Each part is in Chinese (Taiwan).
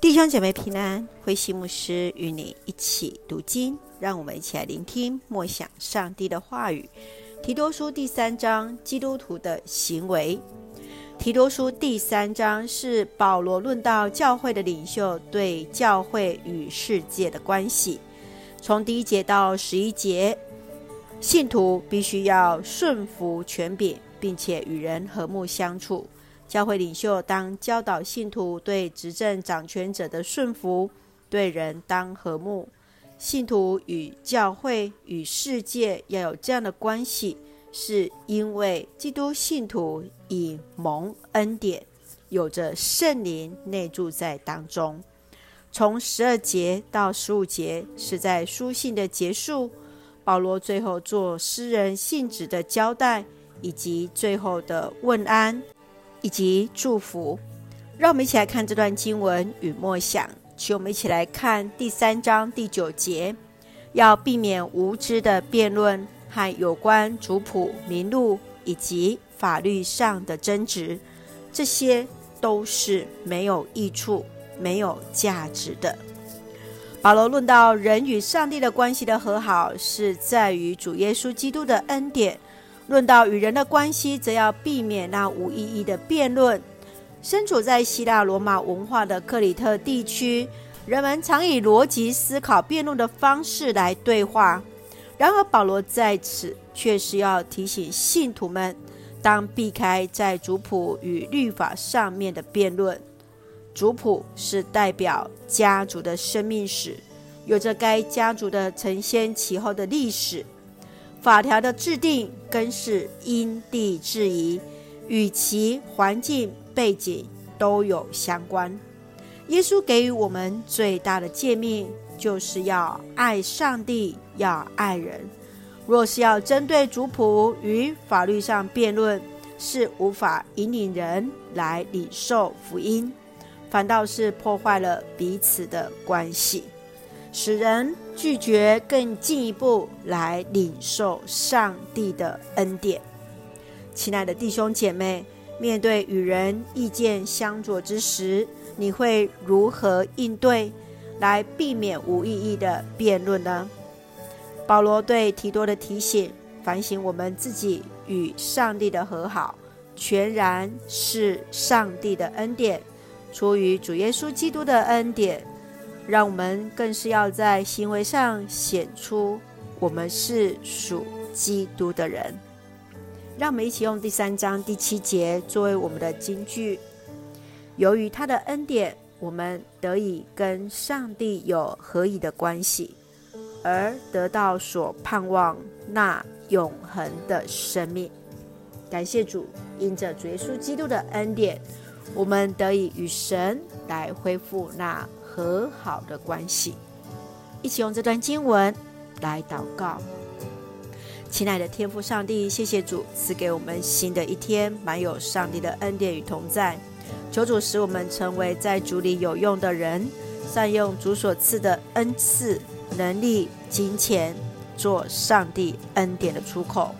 弟兄姐妹平安，慧馨牧師與你一起讀經，讓我們一起來聆聽默想上帝的話語。提多書第三章，基督徒的行為。提多書第三章是保羅論到教會的領袖對教會與世界的關係。從第一節到十一節，信徒必須要順服權柄，並且與人和睦相處。教會領袖當教導信徒對執政掌權者的順服，對人當和睦。信徒與教會與世界要有這樣的關係，是因為基督信徒已蒙恩典，有着聖靈內住在當中。從十二節到十五節是在書信的結束，保羅最後做私人性質的交代以及最後的問安。以及祝福，讓我們一起來看這段經文與默想。請我們一起來看第三章第九節：要避免無知的辯論和有關族譜名錄以及法律上的爭執，這些都是沒有益處、沒有價值的。保羅論到人與上帝的關係的和好，是在於主耶穌基督的恩典。論到與人的關係，則要避免那無意義的辯論。身處在希臘羅馬文化的克里特地區，人們常以邏輯思考辯論的方式來對話。然而，保羅在此卻是要提醒信徒們，當避開在族譜與律法上面的辯論。族譜是代表家族的生命史，有着該家族的承先啟後的歷史。法條的制定，更是因地制宜，與其環境背景都有相關。耶穌給予我們最大的誡命，就是要愛上帝，要愛人。若是要針對族譜與法律上辯論，是無法引領人來領受福音，反倒是破壞了彼此的關係。使人拒絕更進一步來領受上帝的恩典。親愛的弟兄姐妹，面對與人意見相左之時，你會如何應對，來避免無意義的辯論呢？保羅對提多的提醒，反省我們自己與上帝的和好，全然是上帝的恩典，出於主耶穌基督的恩典。讓我們更是要在行為上顯出我們是屬基督的人。讓我們一起用第三章第七節作為我們的金句。由於他的恩典，我們得以跟上帝有合宜的關係，而得到所盼望那永恆的生命。感謝主，因着主耶穌基督的恩典，我們得以與神來恢復那和好的關係，一起用這段經文來禱告。親愛的天父上帝，謝謝主賜給我們新的一天，滿有上帝的恩典與同在。求主使我們成為在主裡有用的人，善用主所賜的恩賜、能力、金錢，做上帝恩典的出口，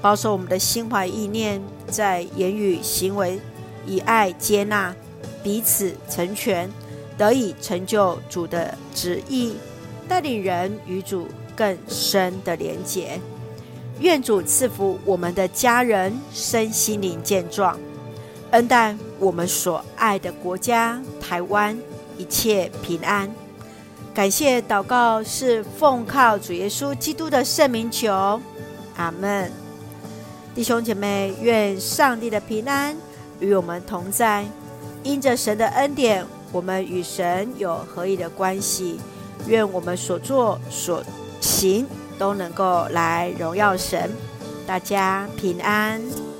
保守我們的心懷意念，在言語行為，以愛接納彼此成全。得以成就主的旨意，帶領人與主更深的連結。願主賜福我們的家人身心靈健壯，恩待我們所愛的國家台灣一切平安。感謝禱告是奉靠主耶穌基督的聖名求，阿門。弟兄姐妹，願上帝的平安與我們同在，因着神的恩典。我們與神有合宜的關係，願我們所做所行都能夠來榮耀神。大家平安。